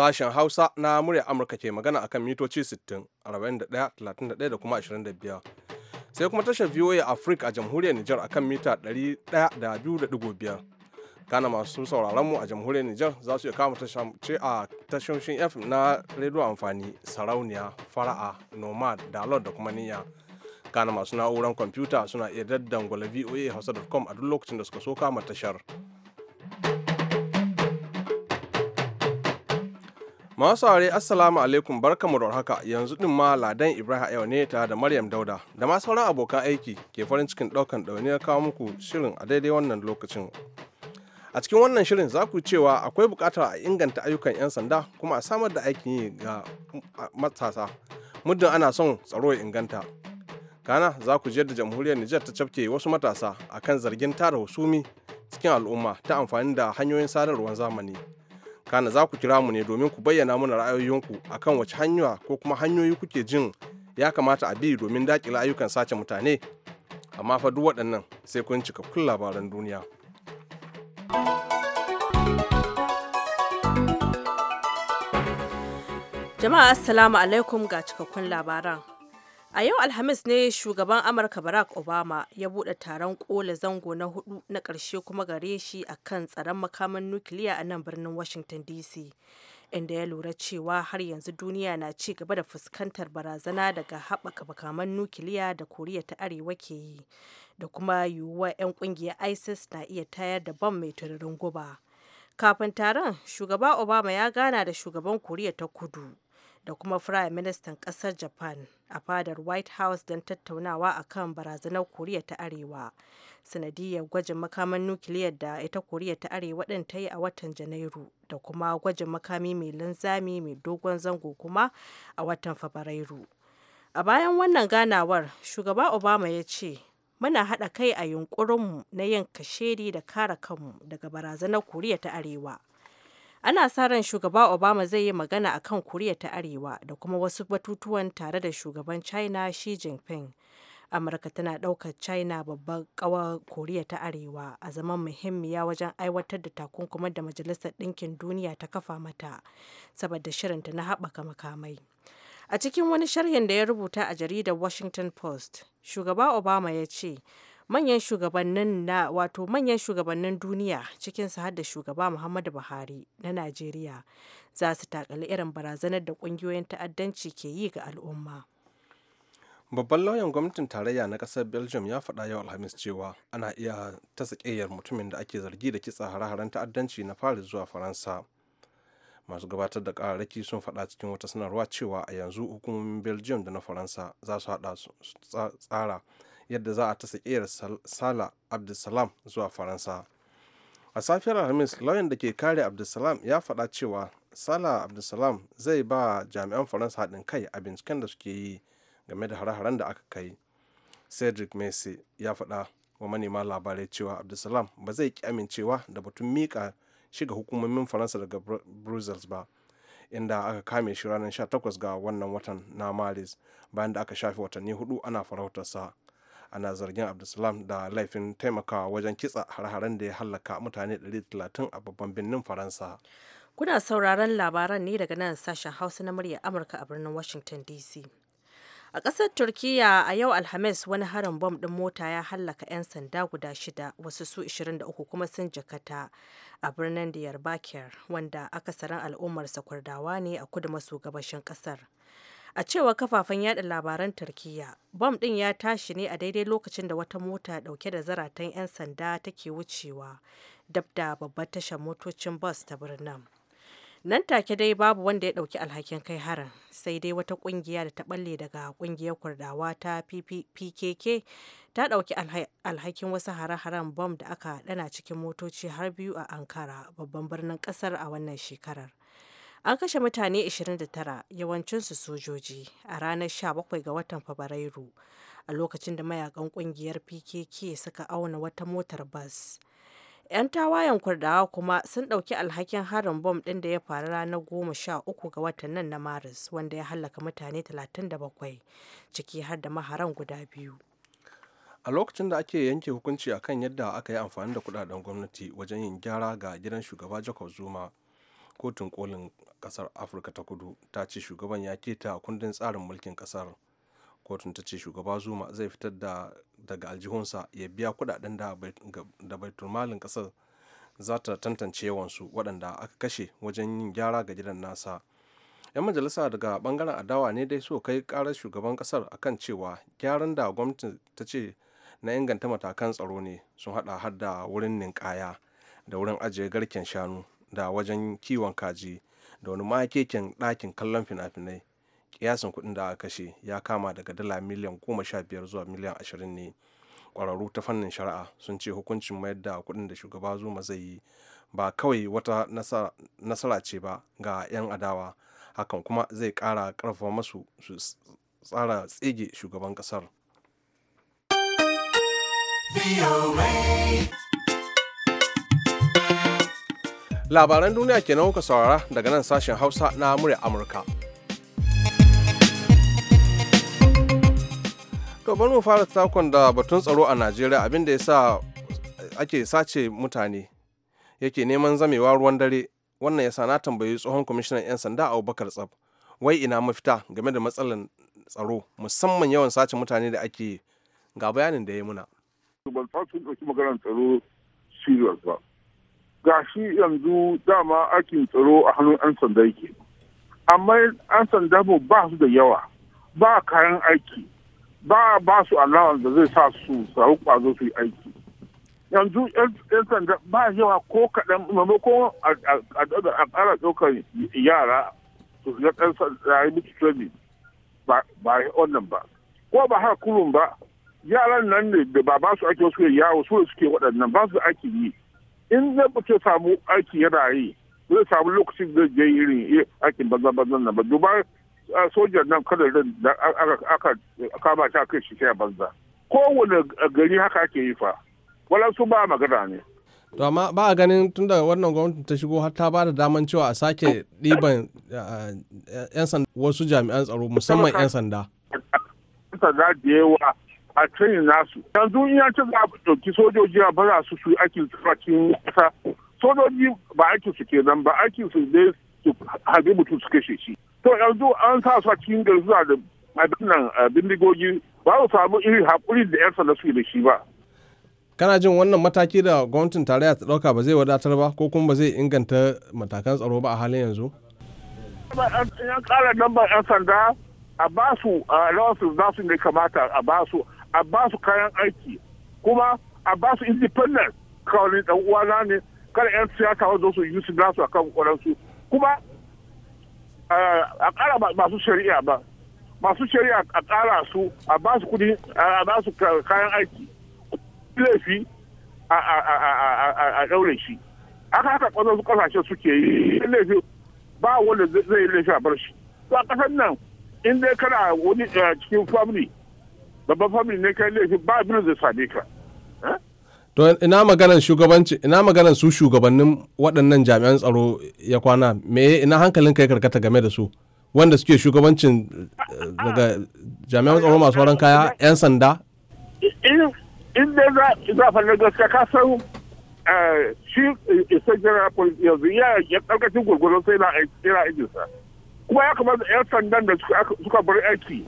Sashen Hausa na murya Amurka ke magana akan mitoci 60, 41, 31 da kuma 25. Sai kuma tashar VOA Africa a jamhuriyar Nijar akan mita 102.5. gana masu sauraron mu a jamhuriyar Nijar za su iya kama ce a tashoshin f na rediyo amfani sarauniya, fara'a, nomad, dalot da kuma niyya. Kana masu na'uran kwamfuta suna iya daddan daddangwala voa hausa.com a duk lokacin da suka so kama tashar. Masu are assalamu alaikum barkamu da haka yanzu din ma ladan Ibrahim yau ne tare da Maryam Dauda da ma sauran abokan aiki ke farin cikin daukan dauniya kawo muku shirin a daidai wannan lokacin. A cikin wannan shirin za ku cewa akwai bukatar a inganta ayyukan 'yan sanda kuma a samar da aikin yi ga matasa muddin ana son tsaro ya inganta. Ghana za ku je da jamhuriyar Nijar ta cafke wasu matasa akan zargin tara husumi cikin al'umma ta amfani da hanyoyin sadarwar zamani. kana za ku kira mu ne domin ku bayyana mana ra'ayoyinku akan wace hanya ko kuma hanyoyi kuke jin ya kamata a bi domin daƙile ayyukan sace mutane amma fa duk waɗannan sai kun cika kun labaran duniya jama'a assalamu alaikum ga cikakkun labaran A yau Alhamis ne shugaban Amurka Barack Obama ya buɗe taron kola zango na hudu na ƙarshe kuma gare shi a kan tsaron makaman nukiliya a nan birnin Washington DC, inda ya lura cewa har yanzu duniya na ci gaba da fuskantar barazana daga haɓaka makaman nukiliya da Koriya ta Arewa ke yi, da kuma yiwuwa 'yan ƙungiyar ISIS na iya tayar da bam mai tururin guba. Kafin taron, shugaba Obama ya gana da shugaban Koriya ta Kudu da kuma Prime ministan kasar japan a fadar white house don tattaunawa a kan barazanar koriya ta arewa sanadiyar gwajin makaman nukiliyar da ita koriya ta arewa din ta yi a watan janairu da kuma gwajin makami mai linzami mai dogon zango kuma a watan fabrairu a bayan wannan ganawar shugaba obama ya ce muna haɗa kai a yunkurinmu na yin kashedi da kare kanmu daga barazanar koriya ta arewa ana sa ran shugaba obama zai yi magana a kan koriya ta arewa da kuma wasu batutuwan tare da shugaban china shi jinping amurka tana ɗaukar china babbar ƙawar koriya ta arewa a zaman muhimmiya wajen aiwatar da takunkumar da majalisar ɗinkin duniya ta kafa mata saboda shirinta na haɓaka makamai a cikin wani sharhin da ya rubuta a jaridar washington post shugaba obama ya ce manyan shugabannin na wato manyan shugabannin duniya cikin har da shugaba muhammadu buhari na najeriya za su takali irin barazanar da kungiyoyin ta'addanci ke yi ga al'umma babban lauyan gwamnatin tarayya na kasar belgium ya faɗa yau alhamis cewa ana iya ta tsakiyar mutumin da ake zargi da kitsa hare-haren ta'addanci na paris zuwa faransa masu gabatar da kararraki sun faɗa cikin wata sanarwa cewa a yanzu hukumomin belgium da na faransa za su haɗa tsara yadda za a tasa ƙera sala abdulsalam zuwa faransa a safiyar alhamis lauyan da ke kare abdulsalam ya faɗa cewa sala abdulsalam zai ba jami'an faransa haɗin kai a binciken da suke yi game da hare-haren da aka kai cedric messi ya faɗa wa manema labarai cewa abdulsalam ba zai ki amincewa da batun mika shi ga hukumomin faransa daga brussels ba inda aka kame shi ranar 18 ga wannan watan na maris bayan da aka shafe watanni hudu ana farautarsa ana zargin abdulsalam da laifin taimakawa wajen kitsa har-haren da ya hallaka mutane 130 a babban birnin faransa kuna sauraron labaran ne daga nan sashen hausa na murya amurka a birnin washington dc A ƙasar Turkiyya a yau Alhamis wani harin bom ɗin mota ya hallaka 'yan sanda guda shida wasu su 23 kuma sun jakata a birnin Diyarbakir wanda akasarin al'ummar sakwardawa ne a kudu maso gabashin ƙasar. a cewar kafafen yada labaran turkiya bom din ya tashi ne a daidai lokacin da wata mota dauke da zaratan 'yan sanda take wucewa dab da babbar tashar motocin bus ta birnin nan take dai babu wanda ya dauki alhakin kai harin sai dai wata kungiya da ta balle daga kungiyar kurdawa ta pkk ta dauki alhakin wasu hare-haren bom da aka dana cikin motoci har biyu a ankara babban birnin kasar a wannan shekarar an kashe mutane 29 yawancinsu sojoji a ranar 17 ga watan fabrairu a lokacin da mayakan kungiyar pkk suka auna wata motar bas 'yan tawayen kurdawa kuma sun ɗauki alhakin harin bom ɗin da ya faru ranar 13 ga watan nan na maris wanda ya hallaka mutane 37 ciki har da maharan guda biyu a lokacin da ake yanke hukunci akan yadda aka yi amfani da kudaden gwamnati wajen yin gyara ga gidan shugaba jacob zuma kotun kolin kasar afirka ta kudu ta ce shugaban ya keta kundin tsarin mulkin kasar kotun ta ce shugaba zuma zai fitar da daga aljihunsa ya biya kudaden da baiturmalin kasar za ta tantance yawansu waɗanda aka kashe wajen yin gyara ga gidan nasa 'yan majalisa daga bangaren adawa ne dai so kai karar shugaban kasar akan cewa gyaran da gwamnati ta ce na inganta matakan tsaro ne sun hada har da wurin ninkaya da wurin ajiye garken shanu da wajen kiwon kaji da wani makekin ɗakin kallon fina-finai kiyasin kuɗin da aka kashe ya kama daga dala miliyan goma sha biyar zuwa miliyan ashirin ne ƙwararru ta fannin shari'a sun ce hukuncin mayar da kuɗin da shugaba zuma zai yi ba kawai wata nasara ce ba ga 'yan adawa hakan kuma zai ƙara ƙarfafa masu su tsara tsege shugaban ƙasar. labaran duniya ke na kuka saurara daga nan sashen hausa na murya amurka to bari mu fara takon da batun tsaro a najeriya abinda ya sa ake sace mutane yake neman zamewa ruwan dare wannan ya sa na tambayi tsohon kwamishinan 'yan sanda a abubakar tsab wai ina mafita game da matsalar tsaro musamman yawan sace mutane da ake ga bayanin da ya yi muna. Ban sun ɗauki maganar tsaro serious ba. shi yanzu dama aikin tsaro a hannun 'yan sanda yake amma 'yan sanda mu ba su da yawa ba kayan aiki ba ba su alawan da zai sa su saru kwazo su yi aiki yanzu 'yan sanda ba yawa ko kaɗan maimakon a ƙara ɗaukar yara su shiga ɗan sanda yi mutu training ba wannan ba ko ba haka kurun ba yaran nan ne da ba ba su ake wasu yawo su suke waɗannan ba su ake yi in zai mutu samu aiki yana yi zai samu lokacin zai je irin aikin banzan-banzan na ba duba sojan nan kada da aka kama ta kai shi sai banza kowane gari haka ake yi fa su ba magana ne to amma ba a ganin tun da wannan gwamnati ta shigo har ta ba da daman cewa a sake ɗiban yan sanda wasu jami'an tsaro musamman yan sanda sanda da yawa a training nasu yanzu in ya ce za a ɗauki sojoji a baza su su aikin cikin ƙasa sojoji ba aikin su kenan ba aikin su dai su harbi mutum su kashe shi to yanzu an sa su a cikin da abin nan bindigogi ba su samu iri haƙuri da yan sanda su da shi ba. kana jin wannan mataki da gwamnatin tarayya ta dauka ba zai wadatar ba ko kuma ba zai inganta matakan tsaro ba a halin yanzu. yan ƙara lambar yan sanda a basu a rawarsu za su ne kamata a basu a ba su kayan aiki kuma a ba su independent kawai dan uwana ne kada yan siyasa wanda su yi su nasu akan kwaransu kuma a kara masu shari'a ba masu shari'a a kara su a ba su kudi a ba su kayan aiki laifi a daure shi aka haka kwanan su kasashe suke yi laifi ba wanda zai laifi a bar shi to a kasan nan in dai kana wani eh, cikin family babban family ne kai laifi ba abin da same ka eh? to ina maganar shugabanci ina maganar su shugabannin waɗannan jami'an tsaro ya kwana me ina hankalin kai karkata game da su wanda suke shugabancin eh, daga jami'an tsaro masu waran kaya 'yan sanda in da za a fara gaskiya ka san eh, shi isa general yanzu ya ya ƙarƙashin sai na aikinsa kuma ya kamata 'yan sandan da suka bar aiki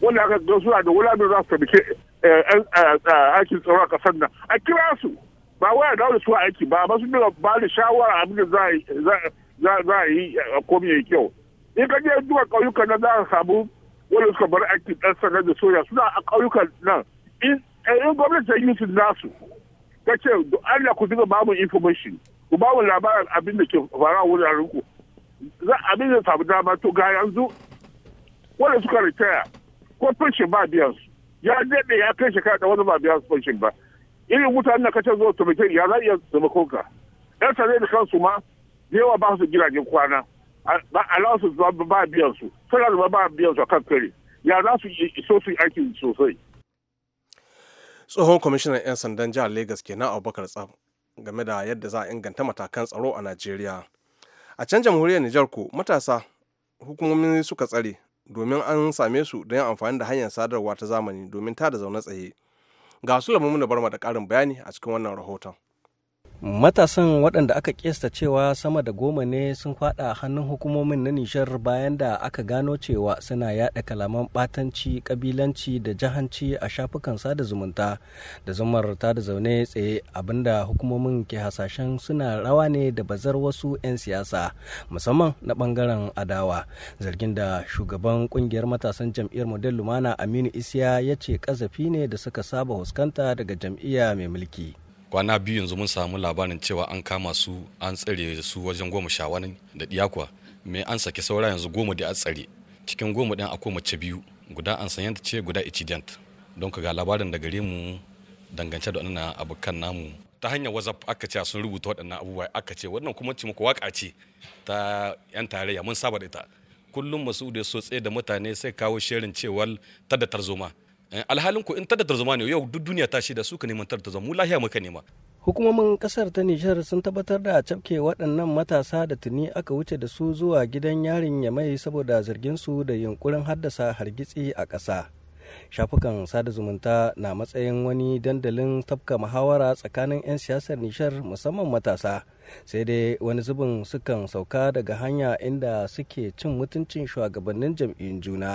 wanda aka ga suna da wula za da taimake eh, eh, eh, aikin tsaro a kasar nan a kira su ba waya da wani su aiki ba ba su ba da shawara abin da za a yi a komi yi kyau in ka je duka ƙauyukan nan za a samu wani suka bar aiki ɗan sanar da soja suna a ƙauyukan nan in gwamnati ta yi su nasu ta ce Allah ku dinga ba mu information ku ba mu labarin abin da ke faruwa wuraren ku za abin da samu dama to ga yanzu wanda suka ritaya ko fashin ba biyan su ya daɗe ya kai shekara da wani ba biyan su ba irin mutanen da kace zuwa taimake ya za iya zama ka ɗan tare da kansu ma da yawa ba su gidajen kwana a su ba biyan su suna zuwa ba biyan su kan kare ya za su iso su aiki sosai tsohon kwamishinan 'yan sandan jihar lagos kenan abubakar tsaf game da yadda za a inganta matakan tsaro a najeriya a can jamhuriyar nijar ko matasa hukumomi suka tsare domin an same su don yin amfani da hanyar sadarwa ta zamani domin tada zaune tsaye ga su lamu da barma da ƙarin bayani a cikin wannan rahoton matasan waɗanda aka kesta cewa sama da goma ne sun fada hannun hukumomin na nishar bayan da aka gano cewa suna yaɗa kalaman ɓatanci ƙabilanci da jahanci a shafukan sada zumunta da zumar ta da zaune tsaye abinda hukumomin ke hasashen suna rawa ne da bazar wasu 'yan siyasa musamman na ɓangaren adawa zargin da shugaban ƙungiyar matasan jam'iyyar model lumana aminu isiya ya ce ƙazafi ne da suka saba huskanta daga jam'iyya mai mulki kwana biyu yanzu mun samu labarin cewa an kama su an tsare su wajen goma sha wani da diyakwa mai an sake saura yanzu goma da a tsare cikin goma ɗin akwai mace biyu guda an sanyanta ce guda incident don ka ga labarin da gare mu dangance da wannan abokan namu ta hanyar whatsapp aka ce sun rubuta waɗannan abubuwa aka ce wannan kuma ce muku waka ce ta yan tarayya mun saba da ita kullum masu da so tsaye da mutane sai kawo shirin cewa tada tarzoma Eh, alhalin ku in tada tarzoma ne yau duk duniya ta shida ka neman tada tarzoma mu lahiya muka nema hukumomin kasar ta nijar sun tabbatar da cafke waɗannan matasa da tuni aka wuce da su zuwa gidan yarin mai saboda zargin su da yunkurin haddasa hargitsi a ƙasa shafukan sada zumunta na matsayin wani dandalin tafka muhawara tsakanin 'yan siyasar nishar musamman matasa sai dai wani zubin sukan sauka daga hanya inda suke cin mutuncin shugabannin jam'iyyun juna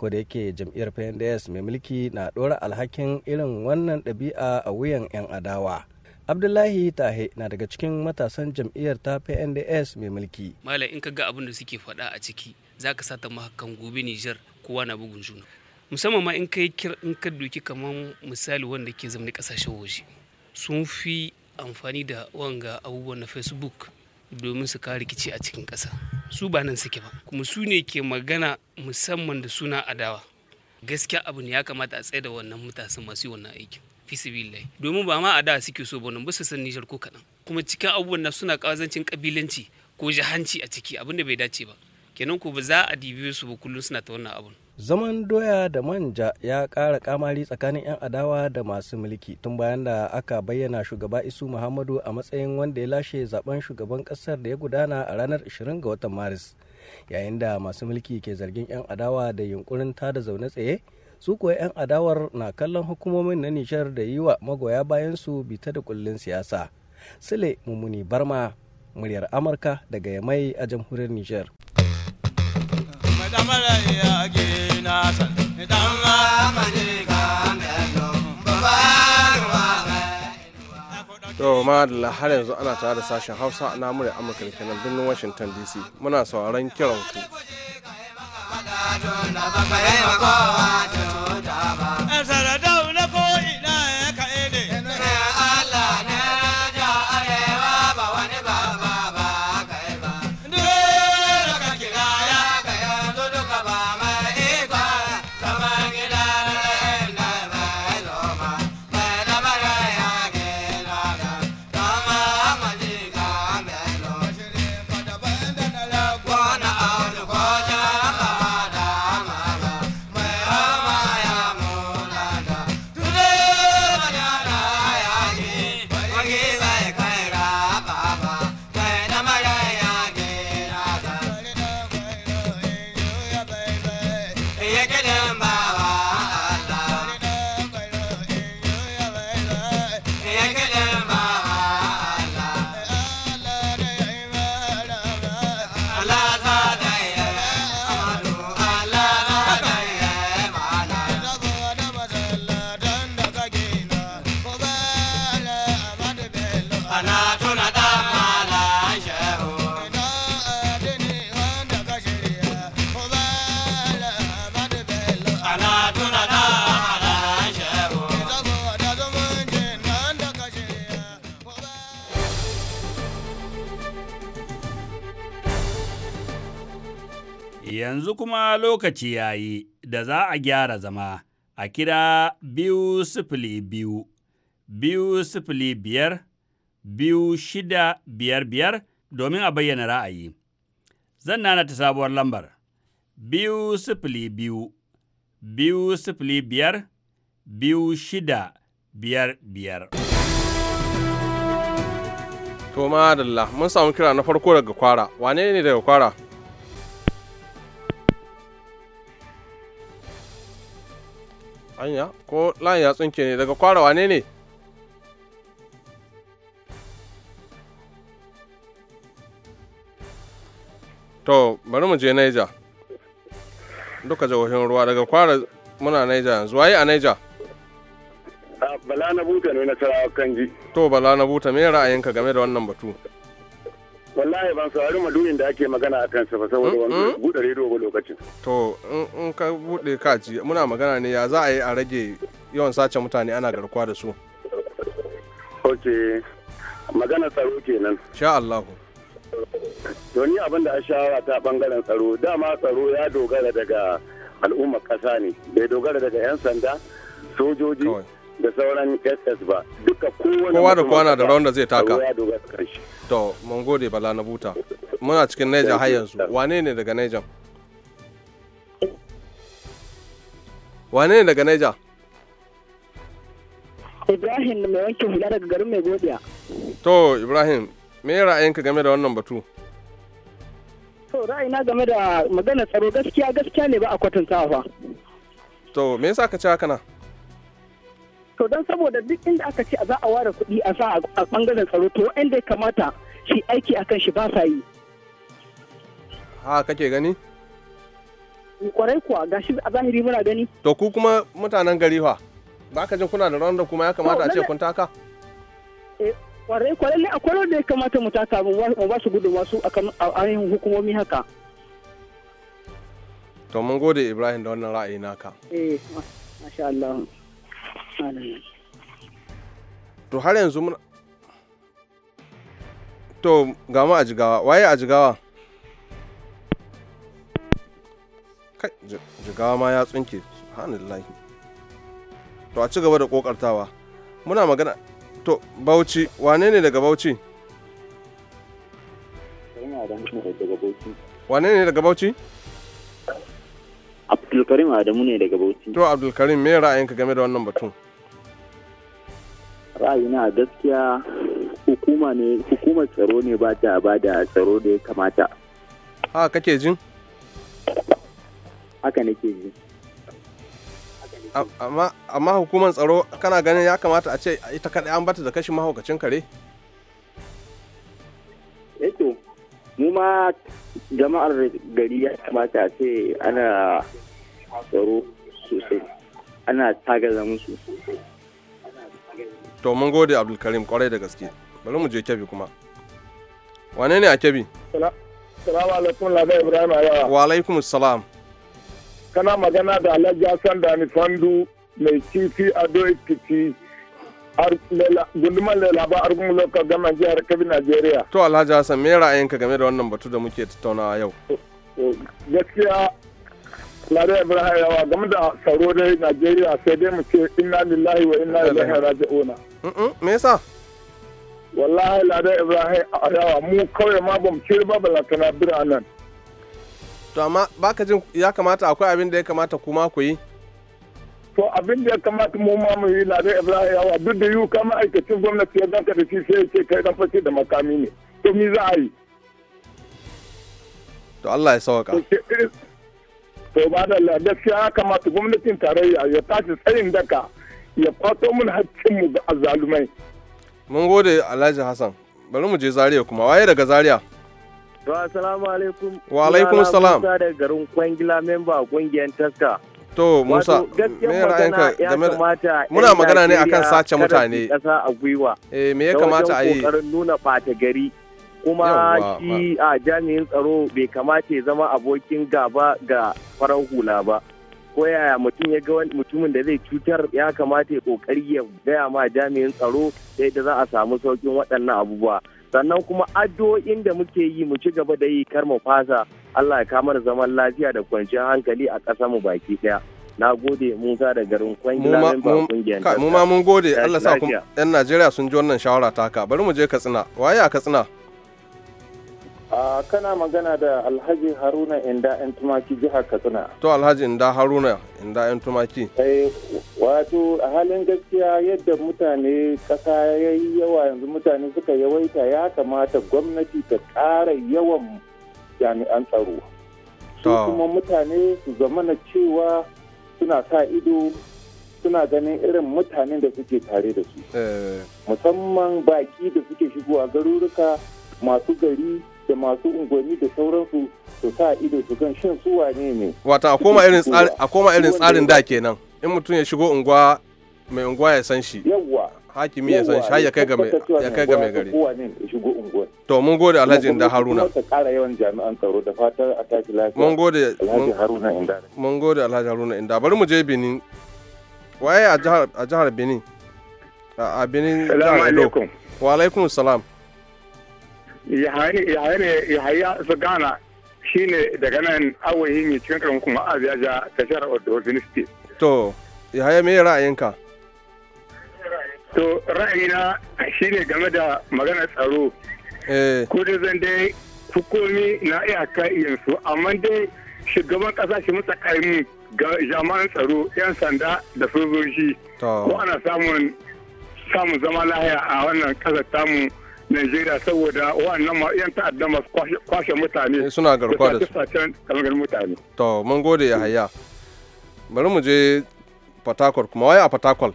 ko da yake jam'iyyar pnds mai mulki na ɗora alhakin irin wannan ɗabi'a a wuyan 'yan adawa abdullahi tahe na daga cikin matasan jam'iyyar ta pnds mai mulki malam in ka ga abin da suke faɗa a ciki za ka sata mahakan gobe nijar kowa na bugun juna musamman ma in kai in ka doki kamar misali wanda ke zama kasashen waje sun fi amfani da wanga abubuwan na facebook domin su kawo rikici a cikin ƙasa su ba nan suke ba kuma su ne ke magana musamman da suna adawa gaskiya abu ne ya kamata a tsaye da wannan matasan masu wannan aikin fisibilai domin ba ma adawa suke so ba nan ba su san nijar ko kaɗan kuma cikin abubuwan na suna kawazancin kabilanci ko jahanci a ciki abin da bai dace ba kenan ko ba za a dibe su ba kullum suna ta wannan abun zaman doya da manja ya ƙara kamari tsakanin 'yan adawa da masu mulki tun bayan da aka bayyana shugaba isu muhammadu a matsayin wanda ya lashe zaben shugaban ƙasar da ya gudana a ranar 20 ga watan maris yayin da masu mulki ke zargin 'yan adawa da yunkurin tada zaune tsaye su kuwa 'yan adawar na kallon hukumomin na Nijar da yi wa magoya bayansu bita da kullun siyasa sule mummuni barma muryar amurka daga yamai a jamhuriyar nijar To har yanzu ana tare da sashen Hausa na murya Amurka kenan birnin Washington DC. Muna sauraron kiran ku. kuma lokaci ya yi da za a gyara zama a kira biyu sifili biyu, biyu sifili biyar, biyu shida biyar biyar domin a bayyana ra'ayi. Zan nana ta sabuwar lambar, biyu sifili biyu, biyu sifili biyar, biyu shida biyar biyar. To ma mun samu kira na farko daga kwara, wane ne daga kwara? Anya, ko layin ya tsinke ne daga kwara wane ne? To, bari mu je Naija. Duka jihohin ruwa daga kwara muna Naija yanzu. Waye a Naija? Ah, Bala na buta ne na kan ji. To, Bala na buta, me ra'ayinka game da wannan batu? wallahi ban saurari maduyin da ake magana a kansa ba saboda hmm? wani hmm? buɗe rediyo ba lokacin to in ka buɗe kaci muna magana ne ya za a yi a rage yawan sace mutane ana garkuwa da su ok magana tsaro kenan sha Allahu doni ni abin da a shawara ta bangaren tsaro dama tsaro ya dogara daga al'ummar ƙasa ne bai dogara daga 'yan sanda sojoji da sauran ss ba duka kowane kowa da kowa na da rawar da zai taka to mun gode bala na buta muna cikin Niger har yanzu wane ne daga Niger wane ne daga Niger ibrahim da mai wanke hula daga garin mai godiya to ibrahim me ra'ayinka game da wannan batu to ra'ayina game da magana tsaro gaskiya gaskiya ne ba a kwatantawa fa to me yasa ka ci haka na to don saboda duk inda aka ce a za a ware kuɗi a sa a ɓangaren tsaro to inda ya kamata shi aiki akan shi ba sa yi ha kake gani kwarai kuwa gashi a zahiri muna gani to ku kuma mutanen gari fa ba ka jin kuna da ran da kuma ya kamata a ce kun taka eh, kwarai kwarai ne akwai wanda ya kamata mu taka mu ba su gudu masu a ainihin hukumomi haka to mun gode ibrahim da wannan ra'ayi naka eh masha Allah Mm. to har yanzu muna to ga mu a jigawa waye a jigawa kai jigawa ma ya tsinke subhanallahi to a ci gaba da kokartawa muna magana to bauchi wane ne daga bauchi wane ne daga bauchi Abdulkarim Adamu ne daga Bauchi. To Abdulkarim me ra'ayinka game da wannan batun? Ra'ayina gaskiya hukuma ne hukumar tsaro ne ba ta ba da tsaro da ya kamata. Ha kake jin? Haka nake jin. Amma hukumar tsaro kana ganin ya kamata a ce ita kaɗai an bata da kashin mahaukacin kare? Eto, eh mu ma jama'ar gari ya kamata a ce ana tsaro sosai ana tagaza musu to mun gode abdulkarim kwarai da gaske bari mu je kebi kuma wane ne a kebi salamu alaikum labai ibrahim ayawa wa alaikum salam kana magana da alhaji hassan ni fandu mai kifi a ikiti gundumar da labar argun loka gama jihar kabi nigeria. to alhaji hassan me ra'ayinka game da wannan batu da muke tattaunawa yau gaskiya Lare Ibrahim yawa game da tsaro dai Najeriya sai dai mu ce inna lillahi wa inna ilaihi Mhm, Me yasa? Wallahi Lare Ibrahim yawa mu kawai ma bamu ci ba bira biranen. To amma baka jin ya kamata akwai abin da ya kamata kuma ku yi? To abin da ya kamata mu ma mu yi Lare Ibrahim yawa duk da yiwu kama aikacin gwamnati ya zaka da shi sai ya ce kai dan fashe da makami ne. To me za a yi? To Allah ya sauka. to ba da gaskiya ya kamata gwamnatin tarayya ya tashi tsayin daka ya kwato mun haƙƙinmu ga azalumai. Mun gode Alhaji Hassan. Bari mu je Zaria kuma waye daga Zaria? To assalamu alaikum. Wa alaikum salam. Musa daga garin Kwangila memba kungiyar Taska. To Musa, me ra'ayinka game da muna magana ne akan sace mutane. Eh me ya kamata a yi? Kokarin nuna ɓata gari. kuma shi a jami'in tsaro bai kamata ya zama abokin gaba ga farar hula ba ko yaya mutum ya ga mutumin da zai cutar ya kamata ya kokari ya gaya ma jami'in tsaro sai da za a samu saukin waɗannan abubuwa sannan kuma addu'o'in da muke yi mu ci gaba da yi kar mu fasa Allah ya kamar zaman lafiya da kwanciyar hankali a ƙasar mu baki ɗaya na gode musa da garin kwangilamin ba mu ma mun gode Allah sa ku yan Najeriya sun ji wannan shawara taka bari mu je Katsina waye a Katsina kana magana da alhaji haruna inda yan tumaki jihar katsina to alhaji inda haruna inda yan tumaki eh, wato a halin gaskiya yadda mutane kasa ya yi yawa yanzu mutane suka yawaita ya kamata gwamnati ta ƙara yawan jami'an tsaro su kuma mutane su zamana cewa suna sa ido suna ganin irin mutanen da suke tare da su eh. musamman baki da suke shigowa garuruka masu gari da masu unguwanni da sauransu su sa ido su kan shin su wane ne wata a koma irin tsarin da kenan in mutum ya shigo unguwa mai unguwa ya san shi yawwa hakimi ya san shi har ya kai ga mai ya kai gari to mun gode Alhaji Inda Haruna yawan jami'an da fatar a mun gode Alhaji Haruna Inda mun gode Alhaji Haruna Inda bari mu je Benin waye a jihar a jihar Benin a Benin jihar Edo wa alaikum salam yahaya su gana shine daga nan awayi ne cikin karin kuma aziyaja ta shara odo ministry to yahaya me ra'ayinka to ra'ayina shine game da maganar tsaro eh. ko da zan dai hukumi na iyaka yanzu amma dai shugaban kasa shi matsakaimi ga jami'an tsaro 'yan sanda da sojoji ko ana samun samun zama lahiya a wannan kasar tamu Najeriya saboda wannan ma yan ta'adda masu kwashe mutane eh, suna garkuwa da su mutane to mun gode ya haya bari mu je Fatakwal kuma waye a Fatakwal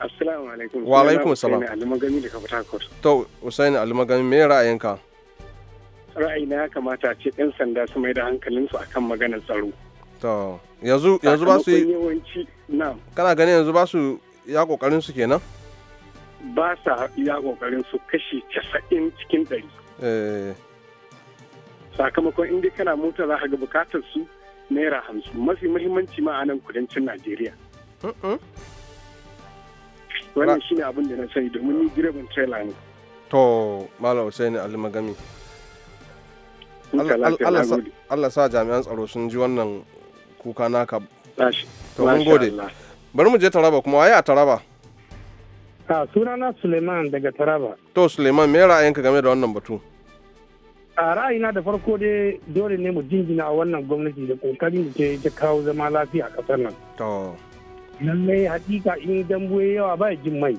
Assalamu alaikum wa alaikum salam Ali Almagani daga Fatakwal to Ali Almagani me ra'ayinka ra'ayina ya kamata ce ɗan sanda su mai da hankalinsu akan maganar tsaro to yanzu yanzu ba su yi kana ganin yanzu ba su ya kokarin su kenan ba sa iya kokarin su kashi casa'in cikin ɗari. Eh. Sakamakon inda kana mota za ka ga bukatar su naira hamsin mafi mahimmanci ma a nan kudancin Najeriya. Wannan shi abin da na sani domin ni direban trailer ne. To Malam Hussein Ali Magami. Allah sa jami'an tsaro sun ji wannan kuka naka. To mun gode. Bari mu je Taraba kuma waye a Taraba? A sunana Suleiman daga Taraba. To Suleiman me ra'ayinka game da wannan batu? A ra'ayina da farko dai dole ne mu jingina a wannan gwamnati da kokarin da ta kawo zama lafiya a kasar nan. To. Lallai hakika in dambu yawa ba jin mai.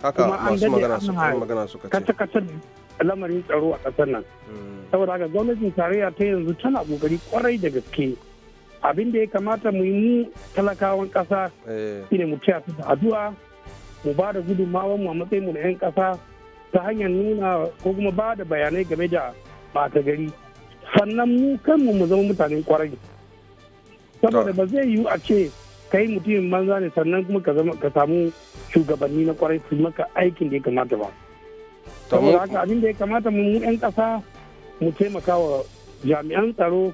Haka masu magana su magana su kace. Kata kata lamarin tsaro a kasar nan. Mm. Saboda haka gwamnatin tarayya ta yanzu tana kokari kwarai da gaske. Abin da ya kamata mu yi mu talakawan kasa. Eh. Shine mu ta addu'a mu ba da gudunmawar mu a matsayin mu na 'yan kasa ta hanyar nuna ko kuma ba da bayanai game da ɓata gari sannan mu kanmu mu zama mutane kwarai saboda ba zai yiwu a ce kai mutumin banza ne sannan kuma ka samu shugabanni na kwarai su maka aikin da ya kamata ba saboda haka abin da ya kamata mu mu 'yan kasa mu taimaka wa jami'an tsaro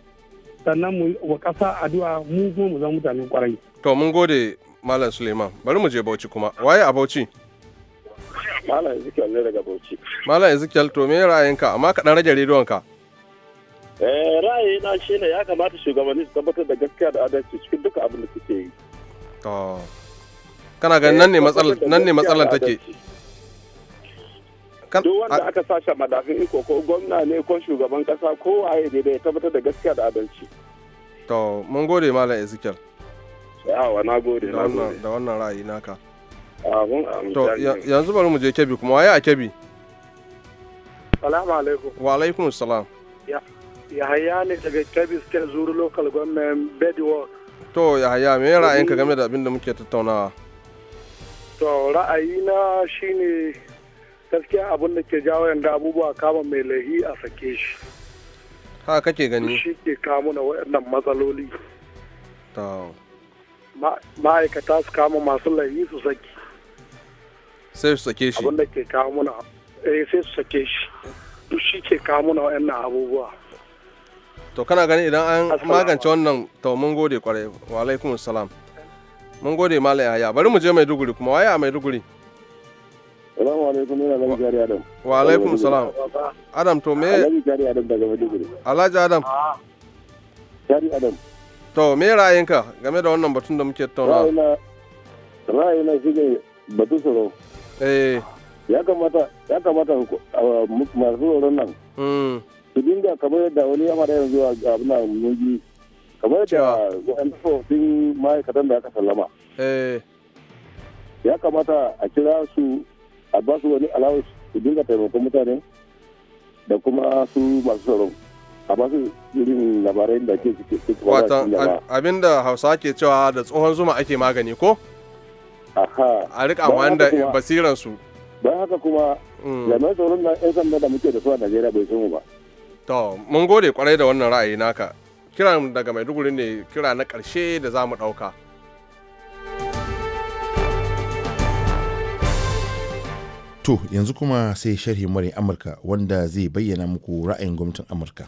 sannan mu wa kasa addu'a mu kuma mu zama mutanen kwarai to mun gode Malam Suleiman. Bari mu je Bauchi kuma. Waye a Bauchi? Malam Ezekiel ne daga Bauchi. Malam Ezekiel to me ra'ayinka? Amma ka dan rage rediyonka. Eh ra'ayi na shine ya kamata shugabanni su tabbatar da gaskiya da adalci cikin duka abin da suke yi. To. Kana ganin nan ne eh, matsalar nan ne matsalar take. Duk wanda aka sashe madafin iko ko gwamna ne ko shugaban kasa ko waye ne da ya tabbatar da gaskiya da adalci. To mun gode Malam Ezekiel. yawa na gode na gode da wannan ra'ayi naka to yanzu bari mu je kebi kuma waye a kebi salamu alaikum wa alaikum salam yahaya ne daga kebi suke zuru local government bedwork to yahaya me ka game da abin da muke tattaunawa to ra'ayi na shine gaskiya abin da ke jawo yanda abubuwa kama mai lahi a sake shi ha kake gani shi ke kamuna na waɗannan matsaloli ma'aikata su kama masu laifi su saki sai su sake shi abinda ke kawo muna eh sai su sake shi duk shi ke kawo muna wa'annan abubuwa to kana gani idan an magance wannan to mun gode kwarai wa alaikum salam mun gode malam yaya bari mu je maiduguri kuma waye a maiduguri Salamu alaikum yana nan jari Adam. Wa alaikum salam. Adam to me? Alhaji jari Adam daga Maiduguri. Alhaji Adam. Jari Adam. to me ra'ayinka game da wannan batun da muke tauna ra'ayina shi ne batu tsoro eh ya kamata ya kamata masu tsoron nan hmm. su dinga kamar yadda wani ya mara yanzu a abin nan kamar yadda wa'anda tsofin ma'aikatan da aka sallama eh. ya kamata a kira su a ba su wani alawus su dinga taimakon mutane da kuma su masu tsoron a ba su irin labarai da ke suke Wata, abinda hausa ke cewa da tsohon zuma ake magani ko a rika amfani da basiran su don haka kuma mm. jami'an tsoron na yan sanda da muke da su a najeriya bai sun ba to mun gode kwarai da wannan ra'ayi naka kiran daga maiduguri ne kira na karshe da za mu ɗauka. To yanzu kuma sai sharhi murya Amurka wanda zai bayyana muku ra'ayin gwamnatin Amurka.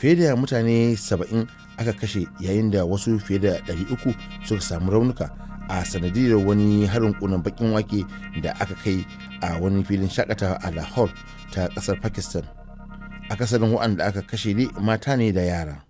Fiye da mutane 70 aka kashe yayin da wasu fiye da 300 suka samu raunuka a sanadiyar wani harin kunan bakin wake da aka kai a wani filin shakatawa a Lahore ta kasar Pakistan. a Akasarin waɗanda aka kashe ne mata ne da yara.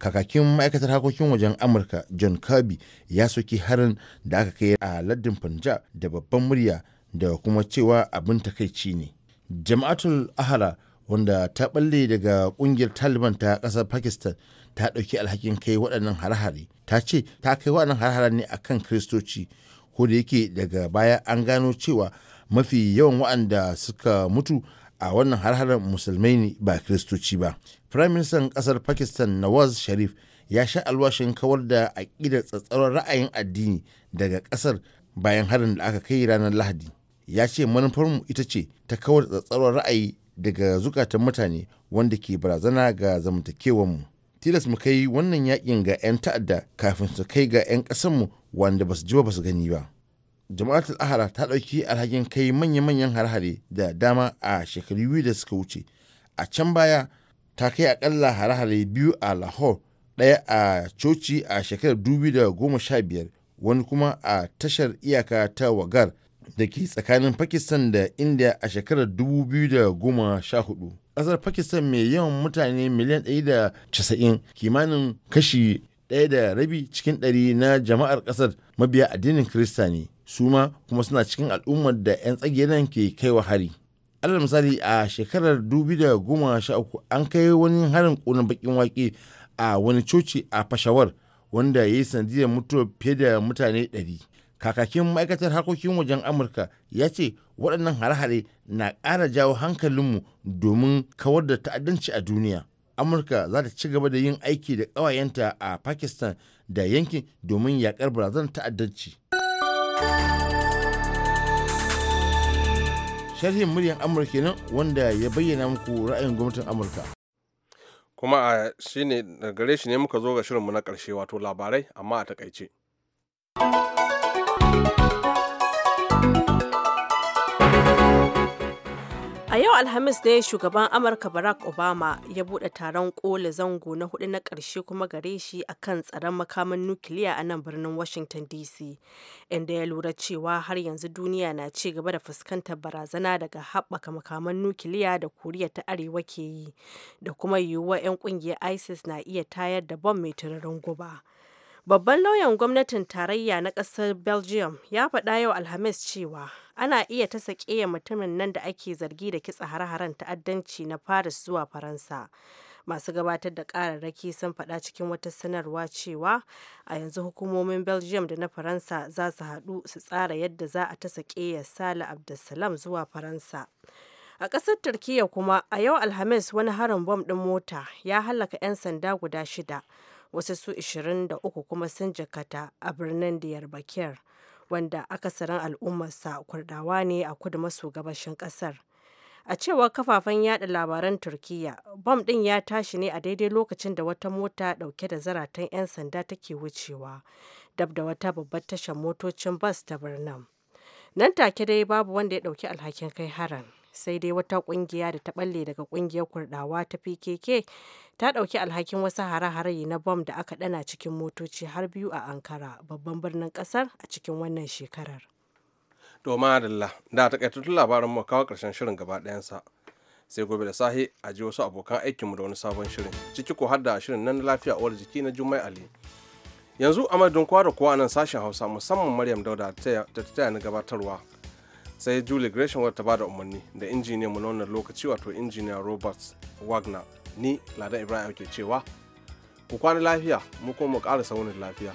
kakakin ma'aikatar harkokin wajen amurka john kirby ya soki harin da aka kai a lardin punjab da babban murya da kuma cewa abin takaici ne jama'atul ahala wanda ta balle daga kungiyar taliban ta kasar pakistan ta dauki alhakin kai waɗannan harhari ta ce ta kai waɗannan harhari ne ne akan kristoci ko da yake daga baya an gano cewa mafi yawan waɗanda suka mutu a wannan harharar musulmai ne ba kiristoci ba Firaministan ƙasar Pakistan Nawaz Sharif ya sha alwashin kawar da aƙidar tsatsauran ra'ayin addini daga ƙasar bayan harin da aka kai ranar Lahadi. Ya ce manufarmu ita ce ta kawar tsatsauran ra'ayi daga zukatan mutane wanda ke barazana ga zamantakewanmu. Tilas mu kai wannan yakin ga 'yan ta'adda kafin su kai ga 'yan ƙasanmu wanda ba su ji ba su gani ba. Jama'atul Ahara ta ɗauki alhakin kai manya-manyan har-hare da dama a shekaru biyu da suka wuce. A can baya ta kai akalla hare-hare biyu a lahore ɗaya a coci a shekarar sha biyar wani kuma a tashar iyaka ta wagar da ke tsakanin pakistan da india a shekarar 2014 ƙasar pakistan mai yawan mutane miliyan 190 kimanin kashi ɗaya da rabi cikin ɗari na jama'ar ƙasar mabiya addinin kirista ne su ma kuma suna cikin al'ummar da 'yan tsagiran ke kaiwa hari alal misali a shekarar 2013 an kai wani harin ƙunan bakin wake a wani coci a fashawar wanda ya yi sanadiyar mutuwar fiye da mutane 100 kakakin ma'aikatar harkokin wajen amurka ya ce waɗannan hare-hare na ƙara jawo hankalinmu domin kawar da ta'addanci a duniya amurka za ta ci gaba da yin aiki da ƙawayenta a pakistan da yankin domin yaƙar barazan ta'addanci. sharhin muryar amurka kenan wanda ya bayyana muku ra'ayin gwamnatin amurka kuma a shine gare shi ne muka zo ga shirinmu na karshe wato labarai amma a takaice. yau Alhamis ne shugaban Amurka Barack Obama ya bude taron koli zango na hudu na karshe kuma gare shi a kan tsaron makaman nukiliya a nan birnin Washington DC, inda ya lura cewa har yanzu duniya na ci gaba da fuskantar barazana daga haɓaka makaman nukiliya da Koriya ta Arewa ke yi, da kuma yiwuwa 'yan kungiyar ISIS na iya tayar da bom mai tururin guba. Babban lauyan gwamnatin tarayya na ƙasar Belgium ya faɗa yau Alhamis cewa ana iya ta ƙeya mutumin nan da ake zargi da kitsa hare-haren ta'addanci na Paris zuwa Faransa. Masu gabatar da ƙararraki sun faɗa cikin wata sanarwa cewa a yanzu hukumomin Belgium da na Faransa za su haɗu su tsara yadda za a ta sake Sale Abdulsalam zuwa Faransa. A ƙasar Turkiyya kuma a yau Alhamis wani harin bom ɗin mota ya halaka 'yan sanda guda shida. wasu su 23 kuma sun jikata a birnin diyarbakir wanda akasarin sa kurdawa ne a kudu maso gabashin kasar a cewar kafafen yada labaran turkiya bom din ya tashi ne a daidai lokacin da wata mota dauke da zaratan 'yan sanda take wucewa dab da wata babbar tashar motocin bas ta birnin nan take dai babu wanda ya dauki alhakin kai haran sai dai wata kungiya da ta balle daga kungiyar kurdawa ta pkk ta dauki alhakin wasu hare-hare na bom da aka dana cikin motoci har biyu a ankara babban birnin kasar a cikin wannan shekarar doma adalla da takaitattun labarin mu kawo karshen shirin gaba sa sai gobe da sahi a ji wasu abokan aikinmu da wani sabon shirin ciki ko hadda da shirin nan lafiya uwar jiki na jumai ali yanzu a madadin kowa da nan sashen hausa musamman maryam dauda ta taya na gabatarwa sai julie gresham wata da umarni da injiniyan mu lokaci wato injiniya robert wagner ni ladan ibrahim ke cewa ku kwana lafiya mu kuma mu ƙara saunin lafiya